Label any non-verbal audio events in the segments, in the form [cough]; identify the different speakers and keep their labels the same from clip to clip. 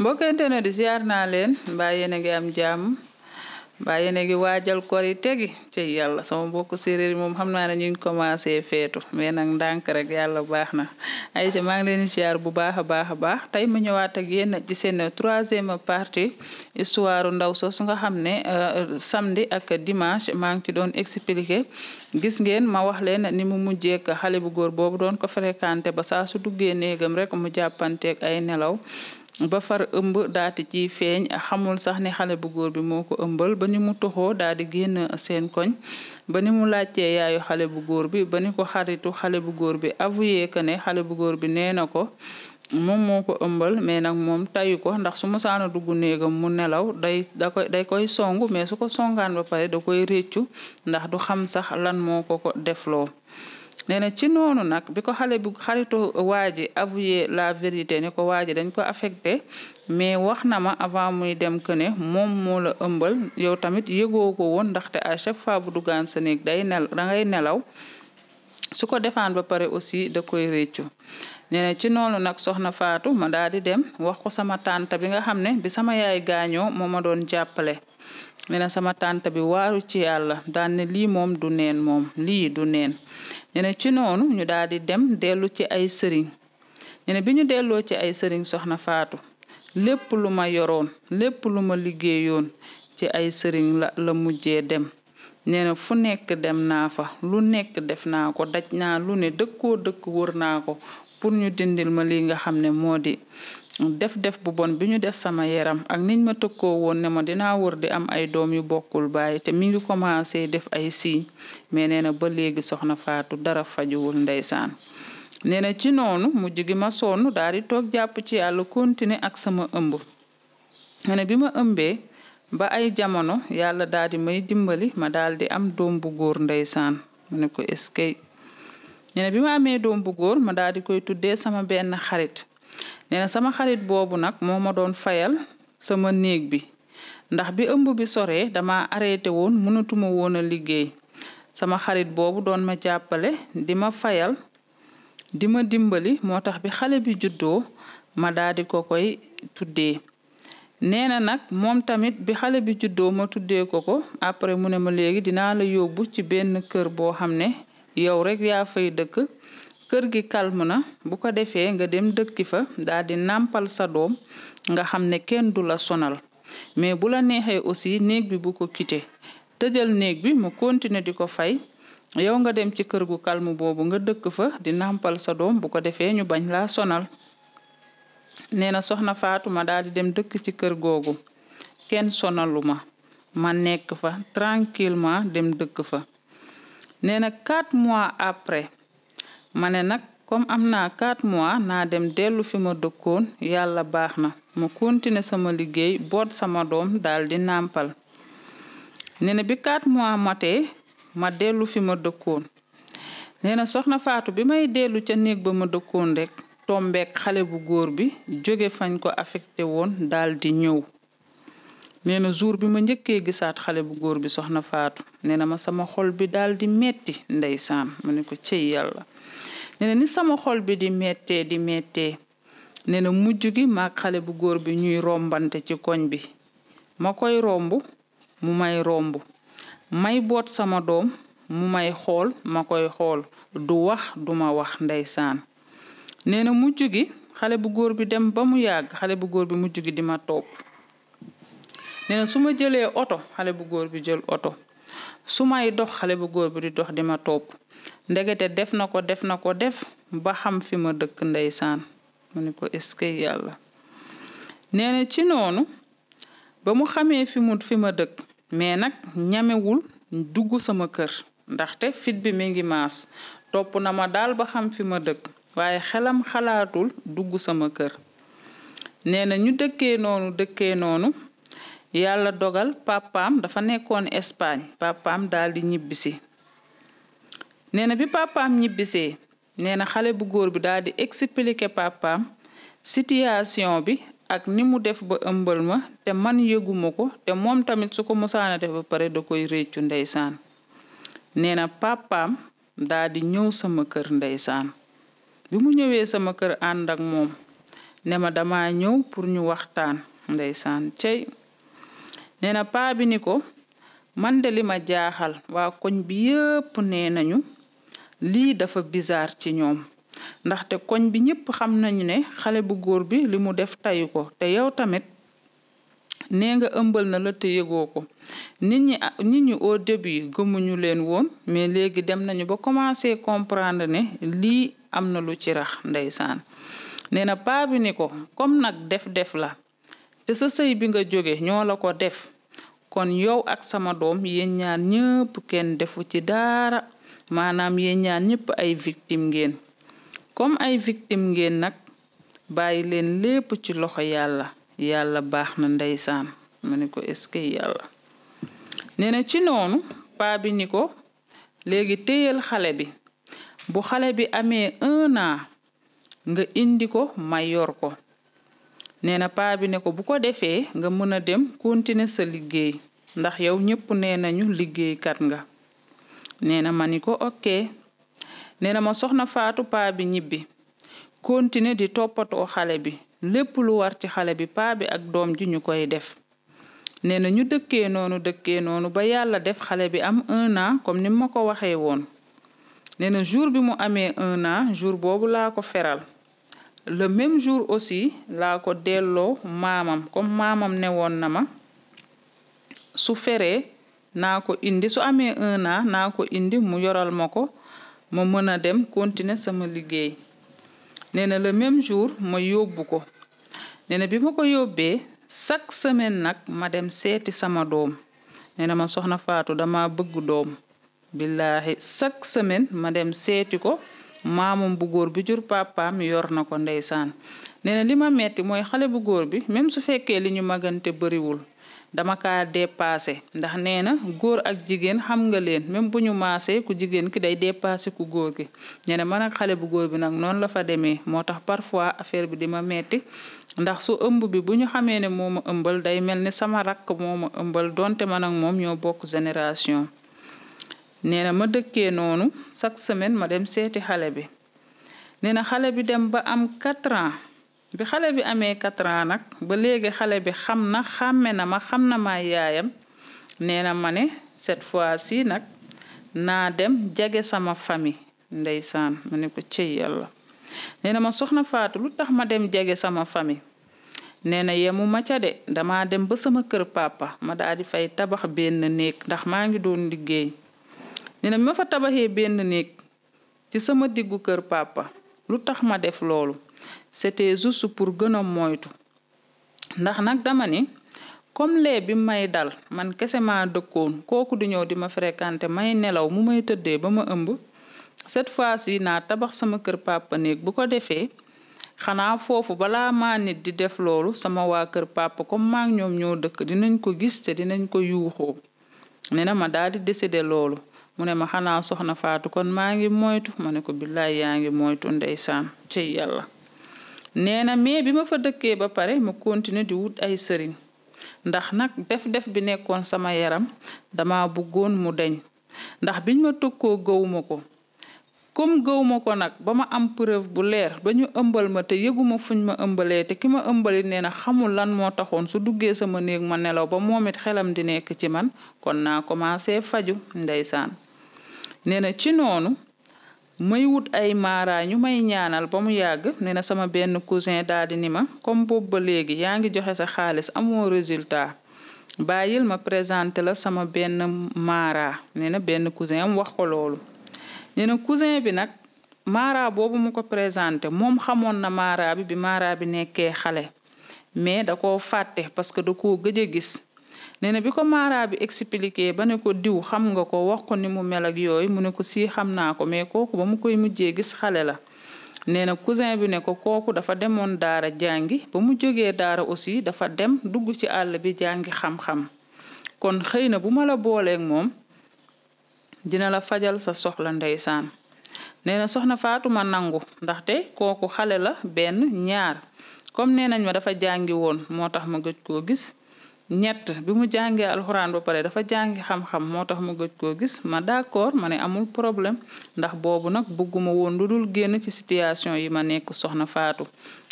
Speaker 1: mbokkente ne di ziar naa leen mbaa yéen a ngi am jàmm mbaa yéen a ngi waajal korite gi ci yàlla sama mbokk séeréer moom xam naa ne ñu ngi commencé feetu mais nag ndànk rek yàlla baax na ay ci maa ngi leen ziar bu baax a baax a baax tey mu ñëwaat ak yéen seen troisième partie histoire ndaw soosu nga xam ne euh, samedi ak dimanche maa ngi ci doon expliqué gis ngeen ma wax leen ni mu mujjeek xale bu góor boobu doon ko fréquenté ba saa su duggee néegam rek mu jàppanteeg ay nelaw ba far ëmb daati ci feeñ xamul sax ni xale bu góor bi moo ko ëmbal ba ni mu toxoo daal di génn seen koñ ba ni mu laajtee yaayu xale bu góor bi ba ni ko xaritu xale bu góor bi avoué que ne xale bu góor bi nee na ko moom moo ko ëmbal mais nag moom tayu ko ndax su musaana dugg néegam mu nelaw day da koy day koy songu mais su ko songaan ba pare da koy réccu ndax du xam sax lan moo ko ko defloo nee na ci noonu nag bi ko xale bu xaritu waa ji la vérité ni ko waa ji dañ ko affecté mais wax na ma avant muy dem que ne moom moo la ëmbal yow tamit yëgoo ko woon ndaxte à chaque fois bu duggaan sa néeg day nel da nelaw su ko defaan ba pare aussi da koy réccu nee na ci noonu nag soxna Faatu ma daal di dem wax ko sama tante bi nga xam ne bi sama yaay gaañoo moo ma doon jàppale nee sama tante bi waaru ci yàlla daan ne lii moom du neen moom lii du neen nee ci noonu ñu daal dem dellu ci ay sëriñ nee bi ñu delloo ci ay sëriñ soxna faatu lépp lu ma yoroon lépp lu ma liggéeyoon ci ay sëriñ la la mujjee dem nee fu nekk dem naa fa lu nekk def naa ko daj naa lu ne dëkkoo dëkk wër naa ko pour ñu dindil ma lii nga xam ne moo di def def bu bon bi ñu def sama yaram ak niñ ma tëkkoo woon ne ma dinaa wër di am ay doom yu bokkul baay te mi ngi commencé def ay signe mais nee na ba léegi soxna Faatu dara fajuwul ndeysaan nee na ci noonu mujj gi ma sonn daal di toog jàpp ci yàlla continuer ak sama ëmb nee na bi ma ëmbee ba ay jamono yàlla daal di may dimbali ma daal di am doom bu góor ndeysaan ma ne ko eskay nee na amee doom bu ma daal koy tuddee sama benn xarit nee sama xarit boobu nag moo ma doon fayal sama néeg bi ndax bi ëmb bi soree dama arrêté woon mënatuma woon a liggéey sama xarit boobu doon ma jàppale di ma fayal di ma dimbali moo tax bi xale bi juddoo ma daldi ko koy tuddee nee na nag moom tamit bi xale bi juddoo ma tuddee ko ko après mu ne ma léegi dinaa la yóbbu ci benn kër boo xam ne yow rekk yaa fay dëkk kër gi calme na bu ko defee nga dem dëkki fa daal di nàmpal sa doom nga xam ne kenn du la sonal mais bu la neexee aussi néeg bi bu ko quitté tëjal néeg bi mu continuer di ko fay yow nga dem ci kër gu calme boobu nga dëkk fa di nampal sa doom bu ko defee ñu bañ la sonal nee na soxna Faatuma daal di dem dëkk ci kër googu kenn sonaluma ma nekk fa tranquillement dem dëkk fa nee na quatre mois après ma ne nag comme am naa quatre mois naa dem dellu fi ma dëkkoon yàlla baax na ma continuer sama liggéey boot sama doom daldi di nàmpal nee na bi quatre mois matee ma dellu fi ma dëkkoon nee na soxna Faatu bi may dellu ca néeg ba ma dëkkoon rek tombeek xale bu góor bi jóge fañ ko affecté woon daldi di ñëw nee na jour bi ma njëkkee gisaat xale bu góor bi soxna Faatu nee na ma sama xol bi daal di metti ndeysaan ma ne ko cëy yàlla nee na ni sama xol bi di méttee di méttee nee na mujj gi maag xale bu góor bi ñuy rombante ci koñ bi ma koy romb mu may romb may boot sama doom mu may xool ma koy xool du wax du ma wax ndeysaan nee na mujj gi xale bu góor bi dem ba mu yàgg xale bu góor bi mujj gi di ma topp nee su ma jëlee oto xale bu góor bi jël oto su may dox xale bu góor bi di dox di ma topp ndegete def na ko def na ko def ba xam fi ma dëkk ndeysaan mu ne ko est-ce que yàlla nee na ci noonu ba mu xamee fimu mu fi ma dëkk mais nag ñamewul dugg sama kër ndaxte fit bi mi ngi maas topp na ma daal ba xam fi ma dëkk waaye xelam xalaatul dugg sama kër nee na ñu dëkkee noonu dëkkee noonu yàlla dogal papaam dafa nekkoon Espagne papaam daal di ñibbisi nee na bi papaam ñibbisee nee na xale bu góor bi daal di pàppam papaam bi ak ni mu def ba ëmbal ma te man yëguma ko te moom tamit su ko musaana def ba pare da koy réccu ndeysaan nee na papaam daal ñëw sama kër ndeysaan bi mu ñëwee sama kër ànd ak moom ne ma dama ñëw pour ñu waxtaan ndeysaan cey nena na bi ni ko man de li ma jaaxal waa koñ bi yépp nee nañu lii dafa bizarre ci ñoom ndaxte koñ bi ñëpp xam nañu ne xale bu góor bi li mu def tayu ko te yow tamit nee nga ëmbal na la te yëgoo ko nit ñi o ñi au début gëmuñu leen woon mais léegi dem nañu ba commencé comprendre ne lii am na lu ci rax ndeysaan nee na paa bi ni ko comme nag def-def la te sa sëy bi nga jóge ñoola ko def kon yow ak sama doom yéen ñaan ñëpp kenn defu ci daara maanaam yéen ñaan ñépp ay victime ngeen comme ay victime ngeen nag bàyyi leen lépp ci loxo yàlla yàlla baax na ndeysaan mu ne ko est yàlla nee na ci noonu paa bi ni ko léegi téyal xale bi bu xale bi amee un an nga indi ko mayor ko nee na paa bi ne ko bu ko defee nga mën a dem continuer sa liggéey ndax yow ñépp nee nañu liggéeykat nga nee na ma ni ko ok nee na ma soxna Faatu paa bi ñibbi continuer di toppatoo xale bi lépp lu war ci xale bi paa bi ak doom ji ñu koy def. nee na ñu dëkkee noonu dëkkee noonu ba yàlla def xale bi am un an comme ni ma ko waxee woon. nee na jour bi mu amee un jour boobu laa ko feral le même jour aussi laa ko delloo maamam comme maamam ne woon na ma su feree. naa ko indi su amee un naa ko indi mu yoral ma ko ma mën a dem continuer sama liggéey nee na le même jour ma yóbbu ko nee bi ma ko yóbbee chaque semaine nag ma dem seeti sama doom nee na ma soxna Faatu dama bëgg doom billaahi chaque semaine ma dem seeti ko maamam bu góor bi jur papaam yor na ko ndeysaan nee na li ma metti mooy xale bu góor bi même su fekkee li ñu magante bariwul dama kaa dépassé ndax nee na góor ak jigéen xam nga leen même bu ñu maasee ku jigéen ki day dépassé ku góor gi ñu ne man ak xale bu góor bi nag noonu la fa demee moo tax parfois affaire bi di ma metti ndax su ëmb bi bu ñu xamee ne moo ma ëmbal day mel ni sama rakk moo ma ëmbal donte ma ak moom ñoo bokk génération nee na ma dëkkee noonu chaque semaine ma dem seeti xale bi nee na xale bi dem ba am quatre ans bi xale bi amee quatre nag ba léegi xale bi xam na xàmme na ma xam na ma yaayam nee na ma ne cette fois si nag naa dem jege sama famille ndeysaan ma ne ko cëy yàlla nee ma soxna Faatu lu tax ma dem jege sama famille nee na yemu ma de dama dem ba sama kër papa ma daal di fay tabax benn néeg ndax maa ngi doon liggéey nee na ma fa tabaxee benn néeg ci sama diggu kër papa lu tax ma def loolu c'était juste pour gën moytu ndax nag dama ni comme lee bi may dal man kese maa dëkkoon kooku du ñëw di ma fréquenté may nelaw mu may tëddee ba ma ëmb cette fois ci naa tabax sama kër papa néeg bu ko defee xanaa foofu balaa maa nit di def loolu sama waa kër papa comme maa ñoom ñoo dëkk dinañ ko gis te dinañ ko yuuxoo nee na ma daal di décider loolu mu ne ma xanaa soxna Faatu kon maa ngi moytu ma ne ko billaay yaa ngi moytu ndeysaan ci yàlla nee na mais bi ma fa dëkkee ba pare ma continuer di wut ay sëriñ ndax nag def-def bi nekkoon sama yaram dama bëggoon mu deñ ndax biñ ma tëkkoo gëwuma ko kom gëwuma ko nag ba ma am preuve bu leer ba ñu ëmbal ma te yëguma fuñ ma ëmbalee te ki ma ëmbali nee na xamul lan moo taxoon su duggee sama néeg ma nelaw ba moom it xelam di nekk ci man kon naa commencé faju ndeysaan nee ci noonu may wut ay maara ñu may ñaanal ba mu yàgg ne na sama benn cousin daal di ni ma comme boobu ba léegi yaa ngi joxe sa xaalis amoo résultat bàyyil ma présenté la sama benn maara nee na benn cousin am wax ko loolu nee cousin bi nag maara boobu mu ko présenté moom xamoon na maara bi bi maara bi nekkee xale mais da koo fàtte parce que da ko gëj a gis nee na bi ko Mara bi expliqué ba ne ko diw xam nga ko wax ko ni mu mel ak yooyu mu ne ko si xam naa ko mais kooku ba mu koy mujjee gis xale la. nee na cousin bi ne ko kooku dafa demoon daara jàngi ba mu jógee daara aussi dafa dem dugg ci àll bi jàngi xam-xam kon xëy na bu ma la booleeg moom dina la fajal sa soxla ndeysaan. nee na soxna Faatuma nangu ndaxte kooku xale la benn ñaar comme nee nañ ma dafa jàngi woon moo tax ma gëj koo gis ñett bi mu jàngee alxuraan ba pare dafa jàngi xam-xam moo tax mu gëj koo gis ma d'accord ma ne amul problème ndax boobu nag bëgguma woon lu dul génn ci situation yi ma nekk soxna faatu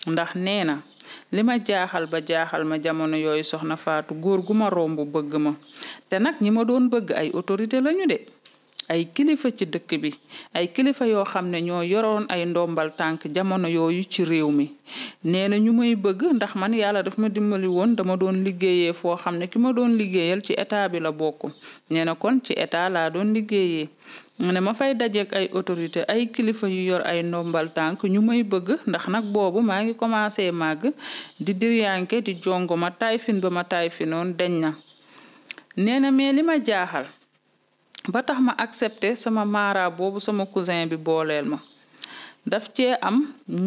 Speaker 1: ndax nee na li ma jaaxal ba jaaxal ma jamono yooyu soxna faatu góor gu ma romb bëgg ma te nag ñi ma doon bëgg ay autorité lañu de ay kilifa ci dëkk bi ay kilifa yoo xam ne ñoo yoroon ay ndombal tànk jamono yooyu ci réew mi nee na ñu may bëgg ndax man yàlla daf ma dimbali woon dama doon liggéeyee foo xam ne ki ma doon liggéeyal ci état bi la bokk nee na kon ci état la doon liggéeyee ne ma fay dajeek ay autorité ay kilifa yu yor ay ndombal tànk ñu may bëgg ndax nag boobu maa ngi commencé màgg di diryanke di jongo ma taay fin ba ma taay finoon deñ na nee jaaxal ba tax ma accepté sama maara boobu sama cousin bi booleel ma daf cee am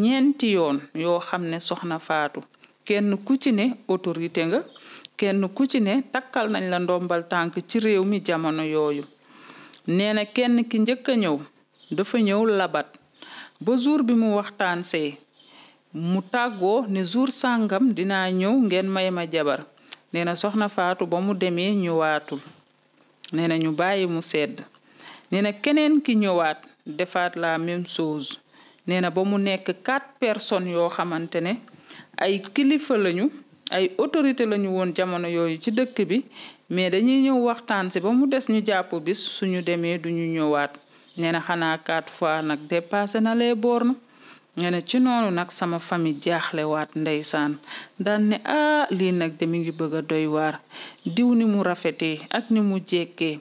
Speaker 1: ñeenti yoon yoo xam ne soxna faatu kenn ku ci ne autorité nga kenn ku ci ne takkal nañ la ndombal tànk ci réew mi jamono yooyu nee na kenn ki njëkk a ñëw dafa ñëw labat ba jour bi mu waxtaan see mu tàggoo ne jour sàngam dinaa ñëw ngeen may ma jabar nee na soxna faatu ba mu demee ñëwaatul nee na ñu bàyyi mu sedd nee na keneen ki ñëwaat defaat la même chose nee na ba mu nekk quatre personnes yoo xamante ne ay kilifa lañu ay autorité lañu woon jamono yooyu ci dëkk bi mais dañuy ñëw waxtaan si ba mu des ñu jàpp bis su ñu demee du ñu ñëwaat nee na xanaa quatre fois nag dépassé na les bornes nga ne ci noonu nag sama famille jaaxlewaat ndeysaan daan ne ah lii nag de mi ngi bëgg a doy waar diw ni mu rafetee ak ni mu jekkee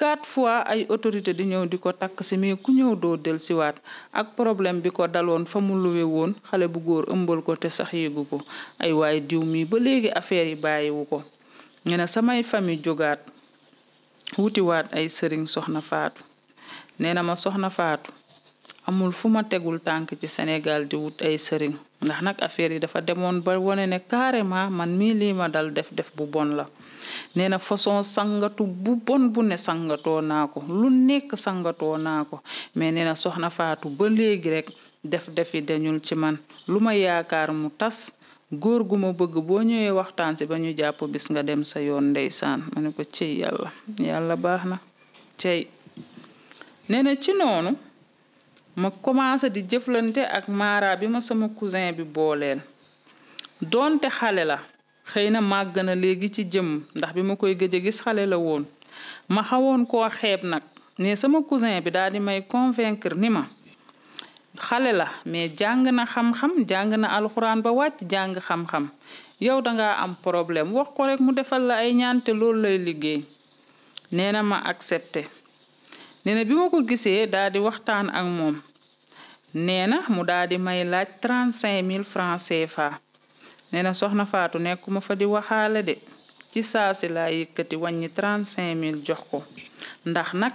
Speaker 1: quatre fois ay autorité di ñëw di ko takk si ku ñëw doo del siwaat ak problème bi ko daloon fa mu luwe woon xale bu góor ëmbal ko te sax yéegu ko ay waay diw mi ba léegi affaire yi bàyyiwu ko nga ne samay famille jógaat wutiwaat ay sëriñ soxna faatu nee ma soxna faatu amul fu ma tegul tànk ci Sénégal di wut ay sëriñ ndax nag affaire yi dafa demoon ba wane ne carrément man mii lii ma dal def def bu bon la nee na façon sangatu bu bon bu ne sangatoo naa ko lu nekk sangatoo naa ko mais nee na soxna Faatu ba léegi rek def defi dañul ci man lu ma yaakaar mu tas góor gu bëgg boo ñëwee waxtaan si ba ñu jàpp bis nga dem sa yoon ndeysaan ma ne ko cey yàlla yàlla baax na cey nee na ci noonu ma commencé di jëflante ak Mara bi ma sama cousin bi booleel doonte xale la xëy na màgg na léegi ci jëm ndax bi ma koy gëj gis xale la woon ma xawoon ko xeeb nag ne sama cousin bi daal di may convaincre ni ma xale la mais jàng na xam-xam jàng na alxuraan ba wàcc jàng xam-xam yow danga am problème wax ko rek mu defal la ay ñaante loolu lay liggéey nee na ma accepté nee na bi ma ko gisee daa di waxtaan ak moom nee na mu daa di may laaj trente cinq mille francs CFA nee na soxna Faatu nekkuma fa di waxaale de ci saasi laa yëkkati wàññi trente cinq mille jox ko ndax nag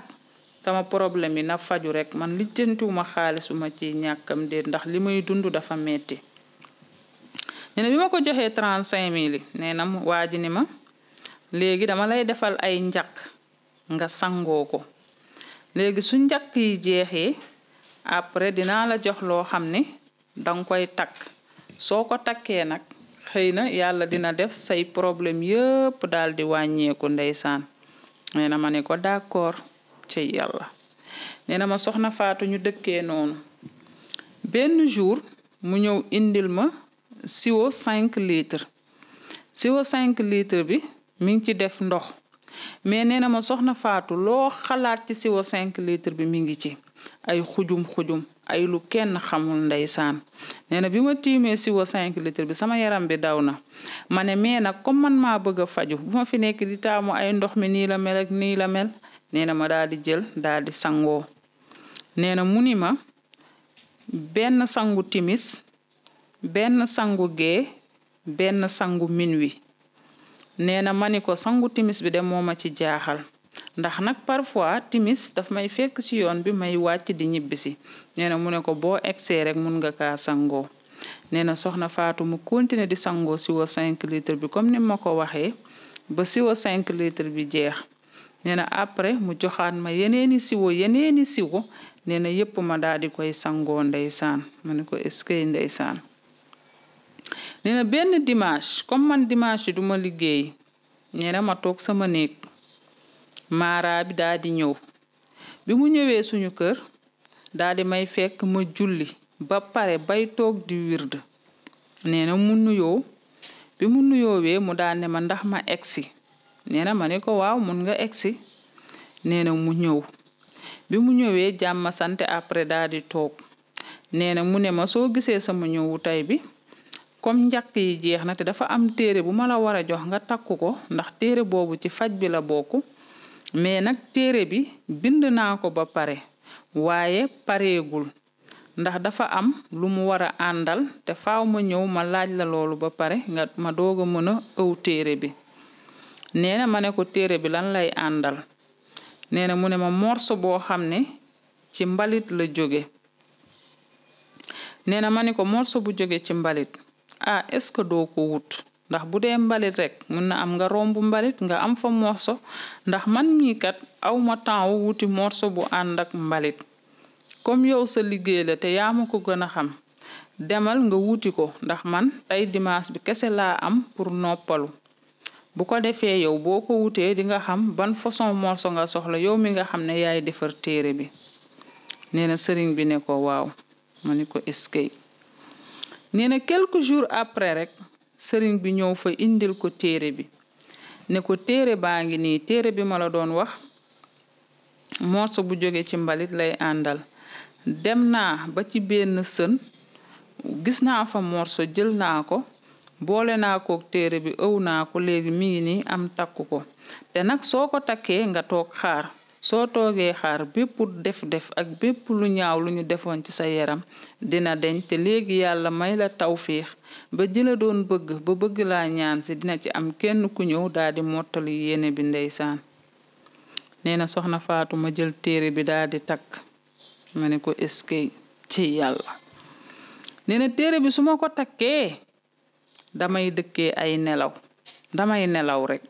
Speaker 1: sama problème yi na faju rek man lijjantiwuma xaalisuma ci ñàkkam déet ndax li muy dund dafa metti nee na bi ma ko joxee trente cinq mille nee na waa ji ni ma léegi dama lay defal ay njaq nga sangoo ko léegi su njàkk yi jeexee après dinaa la jox loo xam ne danga koy takk soo ko takkee nag xëy na yàlla dina def say problème yëpp daal di wàññeeku ndeysaan nee na ma ne ko d'accord ci yàlla nee ma soxna Faatu ñu dëkkee noonu benn jour mu ñëw indil ma siwo 5 litres siwo 5 bi mi ngi ci def ndox mais nee na ma soxna Faatu loo xalaat ci siwo 5 litres bi mi ngi ci ay xujum xujum ay lu kenn xamul ndeysaan nee na bima tiimee siwo cinq litres bi sama yaram bi daw na ma ne mais nag comme man maa bëgg a faju bu ma fi nekk di taamu ay ndox mi nii la mel nii la mel nee na ma daldi jël daal di sangoo nee na mu ni ma benn sangu timis benn sangu gee benn sangu minuit nee na ma ni ko sangu timis bi de moo ma ci jaaxal ndax nag parfois timis daf may fekk ci yoon bi may wàcc di ñibbisi nee na mu ne ko boo egsee rek mun nga kaa sangoo nee na soxna Faatu mu continuer di sangoo siwo cinq litre bi comme ni ma ko waxee ba siwo cinq litre bi jeex nee na après mu joxaat ma yeneeni siwo yeneeni siwo nee na yépp ma daal di koy sangoo ndeysaan ma ne ko est nee benn dimanche comme man dimanche du ma liggéey nee na ma toog sama néeg maara bi daal ñëw bi mu ñëwee suñu kër daal di may fekk ma julli ba pare bay toog di wird nee na mu nuyoo bi mu nuyoowee mu daal ma ndax ma egsi nee na ma ne ko waaw mun nga egsi nee na mu ñëw bi mu ñëwee jàmm sante après daal toog nee na mu ne ma soo gisee sama ñëwu tey bi comme njàkk yi jeex na te dafa am téere bu ma la war a jox nga takku ko ndax téere boobu ci faj bi la bokk mais nag téere bi bind naa ko ba pare waaye pareegul ndax dafa am lu mu war a àndal te faaw ma ñëw ma laaj la loolu ba pare nga ma doog a mën a ëw téere bi nee na ma ne ko téere bi lan lay àndal nee na mu ne ma morso boo xam ne ci mbalit la jóge nee na ma ne ko morso bu jóge ci mbalit ah est-ce que doo ko wut ndax bu dee mbalit rek mun na am nga romb mbalit nga am fa morso ndax man mii kat aw ma temps wu wuti morso bu ànd ak mbalit comme yow sa liggéey la te yaa ko gën a xam demal nga wuti ko ndax man tey dimanche bi kese laa am pour noppalu bu ko defee yow boo ko wutee di nga xam ban façon morso nga soxla yow mi nga xam ne yaay defar téere bi nee na sëriñ bi ne ko waaw ma ni ko eskay nee na quelques jours après rek sëriñ bi ñëw fa indil ko téere bi ne ko téere baa ngi nii téere bi ma la doon wax morso bu jóge ci mbalit lay àndal dem naa ba ci benn sën gis naa fa morso jël naa ko boole naa kook téere bi ëw naa ko léegi mi ngi nii am takku ko te nag soo ko takkee nga toog xaar soo toogee xaar bépp def-def ak bépp lu ñaaw lu ñu defoon ci sa yaram dina deñ te léegi yàlla may la tawfiix ba jëla doon bëgg ba bëgg laa ñaan si dina ci am kenn ku ñëw daldi mottali yéene bi ndeysaan nee na soxna Faatu jël téere bi daldi takk ma ne ko eskay ci yàlla nee téere bi su ma ko takkee damay dëkkee ay nelaw damay nelaw rekk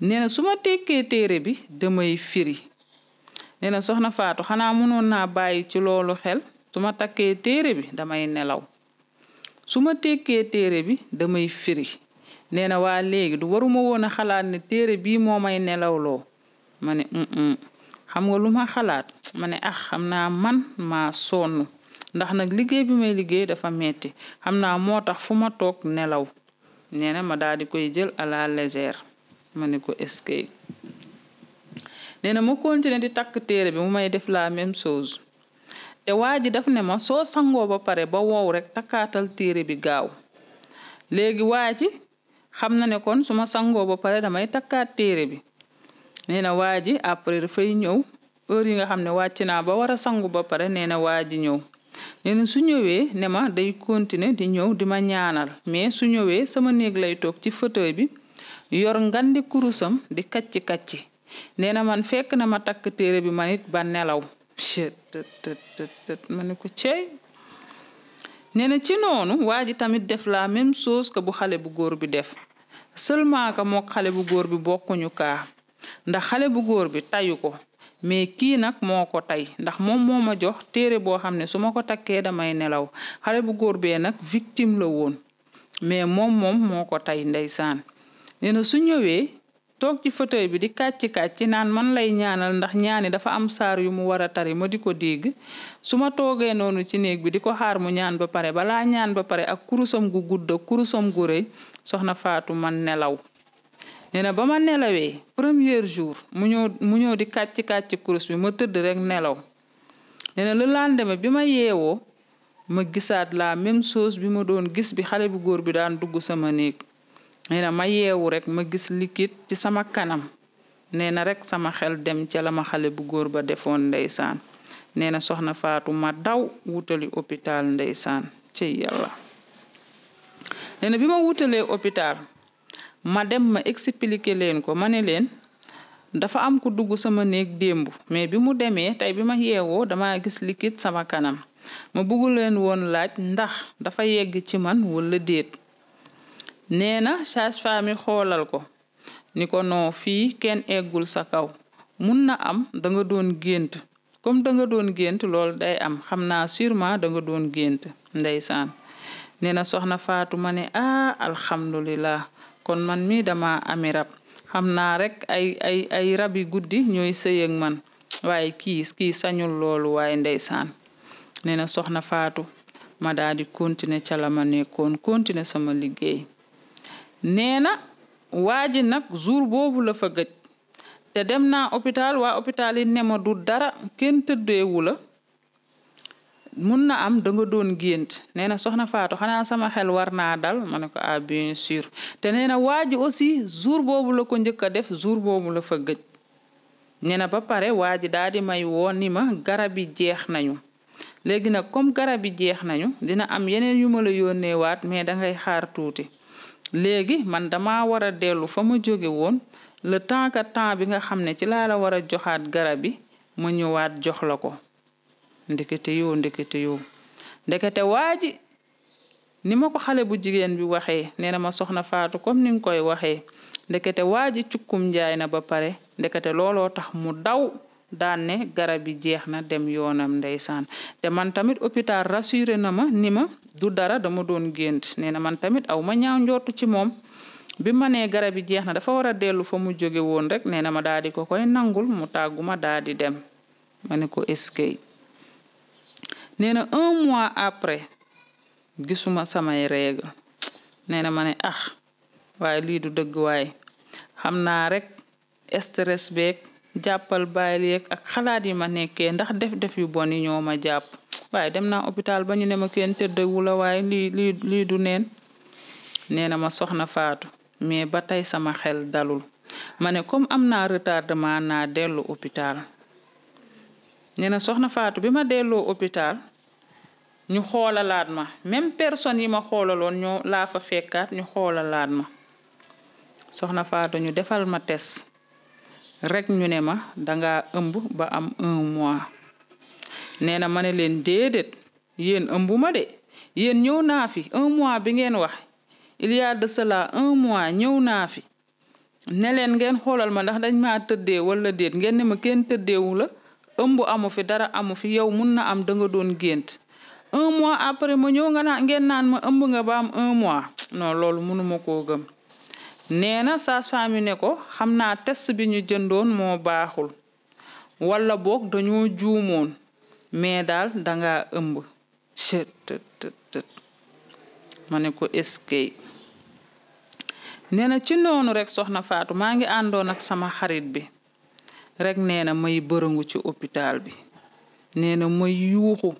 Speaker 1: nee na su ma tekkee téere bi damay firi nee na soxna Faatu xanaa mënoon naa bàyyi ci loolu xel su ma takkee téere bi damay nelaw su ma tekkee téere bi damay firi nee na waa léegi du waruma woon a xalaat ne téere bii moo may nelawloo ma ne xam nga lu ma xalaat ma ne ah xam naa man ma sonn ndax nag liggéey bi may liggéey dafa metti xam naa moo tax fu ma toog nelaw nee ma daal di koy jël à la légère ma ne ko est-ce que nee na ma continuer di takk téere bi mu may def la même chose te waa ji daf ne ma soo sangoo ba pare ba wow rek takkaatal téere bi gaaw léegi waa ji xam na ne kon suma ma sangoo ba pare damay takkaat téere bi nee na waa ji après dafay ñëw heure yi nga xam ne wàcc naa ba war a sangu ba pare nee na waa ji ñëw su ñëwee ne ma day continuer di ñëw di ma ñaanal mais su ñëwee sama néeg lay ci fauteuil bi yor ngandi kurusam di kacci kacci nee na man fekk na ma takk téere bi man ba nelaw ma ne ko ceey nee na ci noonu waa ji tamit def la même chose que bu xale bu góor bi def seulement que mook xale bu góor bi bokkuñu kaa ndax xale bu góor bi tayu ko mais kii nag moo ko tay ndax moom moo ma jox téere boo xam ne su ma ko takkee damay nelaw xale bu góor bee nag victime la woon mais moom moom moo ko tay ndeysaan nee su ñëwee toog ci fauteuil bi di kàcci ci naan man lay ñaanal ndax ñaani dafa am saar yu mu war a tari ma di ko dégg su ma toogee noonu ci néeg bi di ko xaar mu ñaan ba pare balaa ñaan ba pare ak kurusam gu gudd kurusam gu rëy soxna Faatu man nelaw nee na ba ma nelawee premier jour mu ñëw mu ñëw di kàcci kàcci kurus bi ma tëdd rekk nelaw nee na le bi ma yeewoo ma gisaat la même chose bi ma doon gis bi xale bu góor bi daan dugg sama néeg nee na ma yeewu rek ma gis liquide ci sama kanam nee na rek sama xel dem ca la xale bu góor ba defoon ndeysaan nee na soxna faatu ma daw wutali hôpital ndeysaan ci yàlla nee bi ma wutalee hôpital ma dem ma expliqué leen ko ma ne leen dafa am ku dugg sama néeg démb mais bi mu demee tey bi ma yeewoo dama gis liquide sama kanam ma bugguleen woon laaj ndax dafa yegg ci man wala déet nee na sage-femme xoolal ko ni ko non fii kenn eggul sa kaw mun na am da doon gént comme da doon gént lool day am xam naa sûrement da doon gént ndeysaan nee na soxna Faatu ma ne ah alhamdulilah kon man mi dama ami rab xam naa rek ay ay ay rab yi guddi ñooy sëy ak man waaye kii kii sañul loolu waaye ndeysaan nee na soxna Faatu ma daal di continuer ca la ma nekkoon continuer sama liggéey nee na waa ji nag jour boobu la fa gëj te dem naa hôpital waa hôpital yi ne ma dara ken tëddeewu la mun na am da doon gént nee na soxna faato xanaa sama xel war naa dal ma ne ko ah bien sur te nee na waa ji aussi jour boobu la ko njëkk a def jour boobu la fa gëj nee na ba pare waa ji daal may woo ni ma garab yi jeex nañu léegi nag comme garab yi jeex nañu dina am yeneen yu ma la yónnee waat mais da xaar tuuti. léegi man dama war a dellu fa ma jóge woon le temps que temps bi nga xam ne ci laa la war a joxaat garab bi ma ñëwaat jox la ko ndekete yoo ndekete yoo ndekete waa ji ni ma ko xale bu jigéen bi waxee nee na ma soxna faatu comme ni nga koy waxee ndekete waa ji cukkum njaay na ba pare ndekete looloo tax mu daw daan ne garab yi jeex na dem yoonam ndeysaan te man tamit hôpital rassuré na ma ni ma du dara dama doon gént nee na man tamit aw ma ñaaw njortu ci moom bi ma nee garab yi jeex na dafa war a dellu fa mu jóge woon rek nee na ma daal di ko koy nangul mu tàggu ma daal di dem ma ne ko eskay nee na un mois après gisuma samay règle nee na ma ne ah waaye lii du dëgg waaye xam naa rek stress beeg jàppal bàyyil yeeg ak xalaat yi ma nekkee ndax def-def yu bon yi ñoo ma jàpp waaye dem na hôpital ba ñu ne ma kenn tëddewu la waaye lii lii du neen nee na ma soxna faatu mais ba tey sama xel dalul ma ne comme am na retardement naa dellu hôpital nee na soxna faatu bi ma delloo hôpital ñu xoolalaat ma même personne yi ma xoolaloon ñoo laa fa fekkaat ñu xoolalaat ma soxna faatu ñu defal ma test rek ñu ne ma danga ëmb ba am un mois nee na ma ne leen déedéet yéen ma de yéen ñëw naa fi un mois bi ngeen wax il y a de cela un mois ñëw naa fi ne leen ngeen xoolal ma ndax dañ maa tëddee wala déet ngeen ne ma kenn tëddeewu la ëmb amu fi dara amu fi yow mun na am da nga doon gént un mois après ma ñëw nga naan ngeen naan ma ëmb nga ba am un mois non loolu mënuma koo gëm nee na sage-femme ne ko xam naa test bi ñu jëndoon moo baaxul wala boog dañoo juumoon mais daal danga ëmb chet tët ma ne ko eskay nee na ci noonu rekk soxna Faatu maa ngi àndoon ak sama xarit bi rekk nee na may bërëngu ci hôpital bi nee na may yuuxu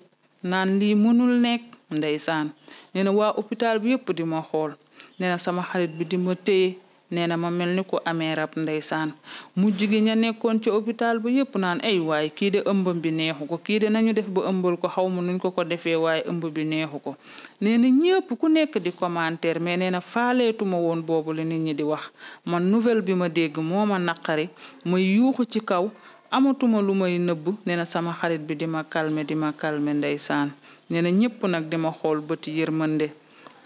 Speaker 1: naan lii mënul nekk ndeysaan nee na waa hôpital bi yëpp di ma xool nee na sama xarit bi di ma téye nee na ma mel ni ku amee ndeysaan mu gi ña nekkoon ci hôpital bu yépp naan ay waay kii de ëmbam bi neexu ko kii de nañu def ba ëmbal ko xaw ma nuñ ko ko defee waaye ëmb bi neexu ko nee na ñépp ku nekk di commentaire mais nee na faaleetuma woon boobu la nit ñi di wax man nouvelle bi ma dégg moo ma naqari ma yuuxu ci kaw amatuma lu may nëbb nee na sama xarit bi di ma calmer di ma kalme ndeysaan nee na ñépp nag di ma xool bëti yërmande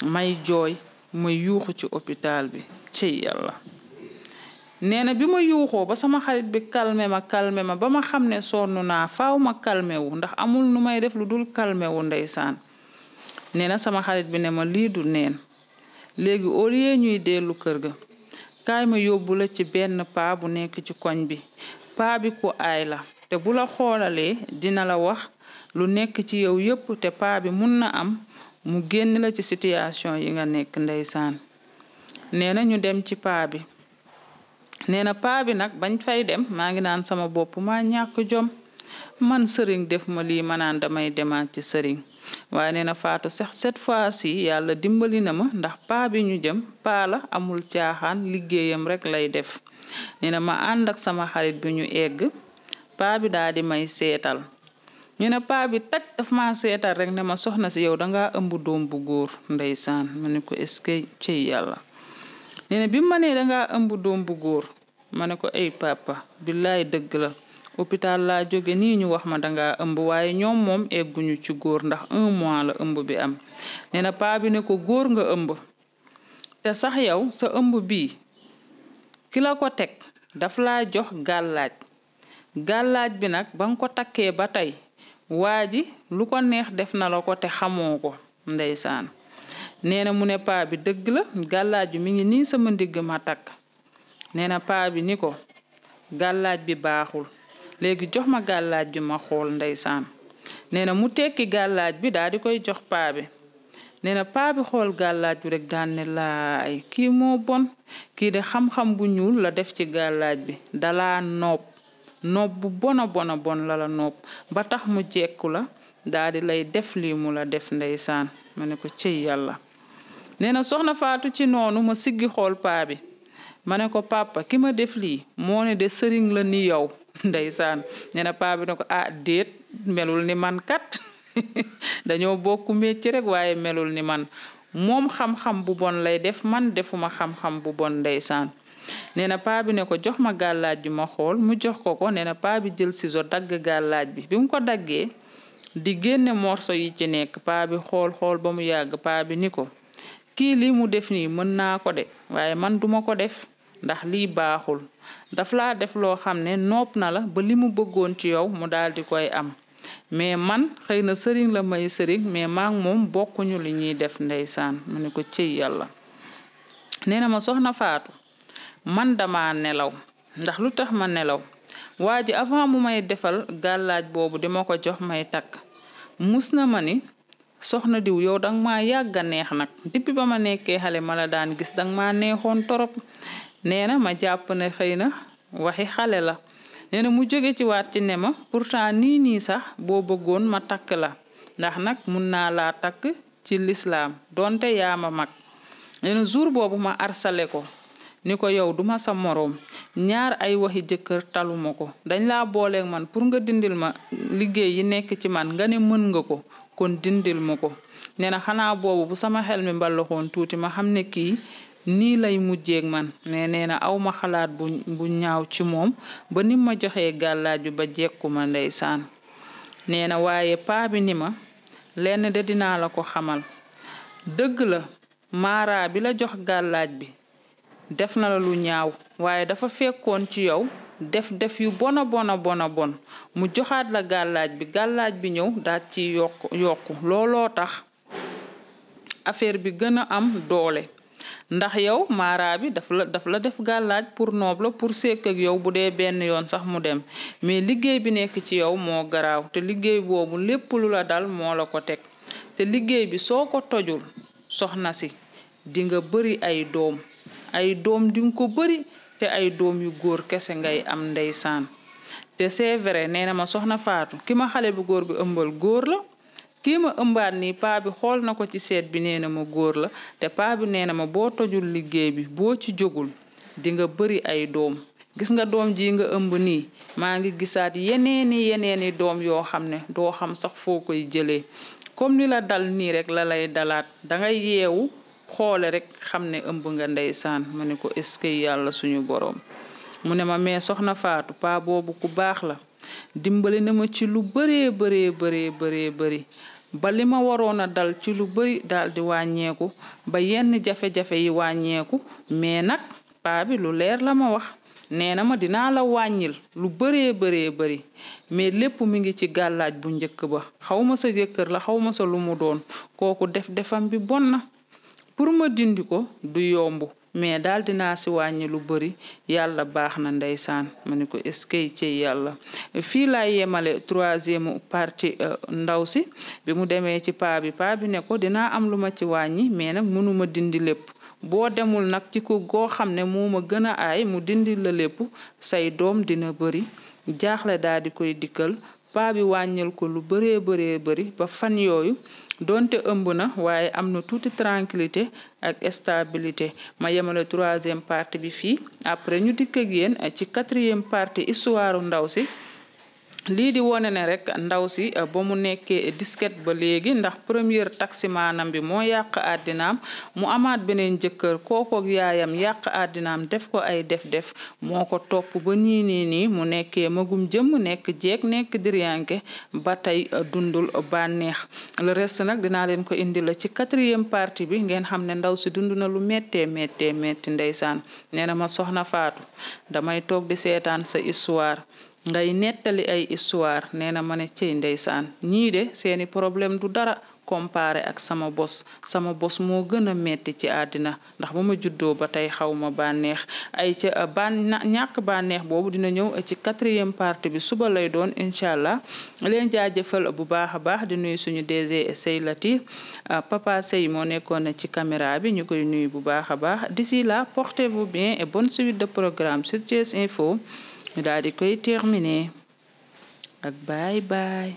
Speaker 1: may jooy ma yuuxu ci hôpital bi ci yàlla nee na bi ma yuuxoo ba sama xarit bi calmé ma calmé ma ba ma xam ne sonn naa faaw ma calmé wu ndax amul nu may def lu dul calmé wu ndeysaan nee na sama xarit bi ne ma lii du neen léegi au lieu ñuy dellu kër ga kaay ma yóbbu la ci benn paa bu nekk ci koñ bi paa ku aay la te bu la xoolalee dina la wax lu nekk ci yow yépp te paa bi mun na am mu génn la ci situation yi nga nekk ndeysaan nee na ñu dem ci paa bi nee na paa bi nag bañ fay dem maa ngi naan sama bopp ma ñàkk jom man sëriñ def ma lii ma naan damay demaat ci sëriñ waaye nee na faatu sax cette fois ci yàlla dimbali na ma ndax paa bi ñu jëm paala amul caaxaan liggéeyam rekk lay def nena ma àndak sama xarit bi ñu egg paa bi daal may seetal ñu ne paa bi taj daf maa seetal rek ne ma soxna si yow dangaa ëmb doom bu góor ndeysaan ma ne ko ci yàlla ñu bi ma nee dangaa ëmb doom bu góor ma ne ko ay papa billaay dëgg la hôpital laa jóge nii ñu wax ma danga ëmb waaye ñoom moom egguñu ci góor ndax un mois la ëmb bi am nee na paa bi ne ko góor nga ëmb te sax yow sa ëmb bii kila ko teg daf la jox gàllaaj gàllaaj bi nag ba nga ko takkee ba tey waa ji lu ko neex def na la ko te xamoo ko ndeysaan nee na mu ne paa bi dëgg la gàllaaj bi mi ngi nii sama ndigg ma takk nee na paa bi ni ko gàllaaj bi baaxul léegi jox ma gàllaaj bi ma xool ndeysaan nee na mu tekki gàllaaj bi daal di koy jox paa bi nee na paa bi xool gàllaaj bi rek daan ne laay kii moo bon kii de xam-xam bu ñuul la def ci gàllaaj bi dalaa nopp noob bu bona bona bon la la ba tax mu jekku la daal lay def lii mu la def ndeysaan ma ne ko cëy yàlla nee na soxna faatu ci noonu ma siggi xool paa bi ma ne ko papa ki ma def lii moo ne de sëriñ la ni yow [laughs] ndeysaan nee na paa bi ne ko ah déet melul ni man kat [laughs] dañoo bokk mécc rek waaye melul ni man moom xam-xam bu bon lay def man defuma xam-xam bu bon ndeysaan nee na paa bi ne ko jox ma gàllaaj bi ma xool mu jox ko ko nee na paa bi jël ciseau dagg gàllaaj bi bi mu ko daggee di génne morso yi ci nekk paa bi xool xool ba mu yàgg paa bi ni ko kii lii mu def nii mën naa ko de waaye man duma ko def ndax lii baaxul daf laa def loo xam ne nopp na la ba li mu bëggoon ci yow mu daal di koy am mais man xëy na sëriñ la may sëriñ mais maa moom bokkuñu li ñuy def ndeysaan mu ne ko cëy yàlla nee ma soxna Faatu man dama nelaw ndax lu tax ma nelaw waa ji avant mu may defal gàllaaj boobu di ma ko jox may takk mus na ma ni soxna diw yow danga maa yàgga neex nag depuis ba ma nekkee xale ma la daan gis danga ma neexoon torop nee na ma jàpp ne xëy na waxi xale la nee na mu jóge ci waat ci ne ma pourtant nii nii sax boo bëggoon ma takk la ndax nag mun naa laa takk ci lislaam donte yaa ma mag nee na jour boobu ma arsale ko ni ko yow duma sa moroom ñaar ay waxi jëkkër taluma ko dañ laa booleeg man pour nga dindil ma liggéey nekk ci man nga ne mën nga ko kon dindil ma ko nee na xanaa boobu bu sama xel mi mbalaxoon tuuti ma xam ne kii nii lay mujjeeg man mais nee na aw xalaat bu ñaaw ci moom ba ni ma joxee gàllaaj bi ba jekku ma ndeysaan nee na waaye paa bi ni ma lenn de la ko xamal dëgg la maaraa bi la jox gàllaaj bi def na la lu ñaaw waaye dafa fekkoon ci yow def def yu bona bona bona bon mu joxaat la gàllaaj bi gàllaaj bi ñëw daal ci yokku looloo tax affaire bi gën a am doole ndax yow maara bi daf la daf la def gàllaaj pour noob la pour sekk yow bu dee benn yoon sax mu dem mais liggéey bi nekk ci yow moo garaaw te liggéey boobu lépp lu la dal moo la ko teg te liggéey bi soo ko tojul soxna si dinga bari ay doom ay doom dinga ko bëri te ay doom yu góor kese ngay am ndeysaan te c'est vrai nee na ma soxna Faatu ki ma xale bu góor bi ëmbal góor la kii ma ëmbaat nii paa xool na ko ci seet bi nee na ma góor la te paa bi nee na ma boo tojul liggéey bi boo ci jógul dinga bëri ay doom gis nga doom ji nga ëmb nii maa ngi gisaat yeneeni yeneeni doom yoo xam ne doo xam sax foo koy jëlee comme ni la dal nii rek la lay dalaat dangay yeewu xoole rek xam ne ëmb nga ndeysaan ma ne ko est yàlla suñu boroom mu ne ma mais soxna Faatu paa boobu ku baax la dimbali na ma ci lu bëree bëree bëree bëree bëri ba li ma waroon a dal ci lu bëri daal di wàññeeku ba yenn jafe-jafe yi wàññeeku mais nag paa bi lu leer la ma wax nee na ma dinaa la wàññil lu bëree bëree bëri mais lépp mi ngi ci gàllaaj bu njëkk ba xaw ma sa la xaw ma sa lu mu doon kooku def pour ma dindi ko du yomb mais daal dinaa si wàññi lu bëri yàlla baax na ndeysaan ma ni ko eskay ci yàlla fii laay yemale troisième partie euh, ndaw si bi mu demee ci paa bi paa bi ne ko dinaa am lu ma ci wàññi mais nag mënuma dindi lépp boo demul nag ci ko goo xam ne moo ma gën a aay mu dindi la lépp say doom dina bëri jaaxle daal di koy dikkal paa bi wàññil ko lu bëree bëree bëri ba fan yooyu donte ëmb na waaye am na tuuti tranquillité ak stabilité ma yemale troisième partie bi fii après ñu dikk ak yéen ci quatrième partie histoire ndaw si lii di wone ne rek ndaw si euh, ba mu nekkee disket ba léegi ndax premier taxi maanam bi moo yàq àddinaam mu amaat beneen jëkkër kookook yaayam yàq àddinaam def ko ay def-def moo ko topp ba nii nii mu nekkee magum jëmm nekk jeeg nekk diriyanke ba tey euh, dundul bànneex le reste nag dinaa leen ko indi la ci quatrième partie bi ngeen xam ne ndaw si dund na lu méttee méttee métti ndeysaan nee na ma soxna Faatu damay toog di seetaan sa histoire ngay nettali ay histoire nee na ma ne cëy ndeysaan ñii de seeni problème du dara comparé ak sama bos sama bos moo gën a metti ci àddina ndax ba ma juddoo ba tey xaw bànneex ay ca euh, ban ñàkk bànneex boobu dina ñëw ci quatrième partie bi suba lay doon incha allah leen jaajëfal bu baax a baax di nuyu suñu DG Seylati euh, Papa Sey moo nekkoon ci caméra bi ñu koy nuyu bu baax a baax d'ici là portez bien e bon suite de programme sur Thiès Info ñu daal koy terminer ak baay baay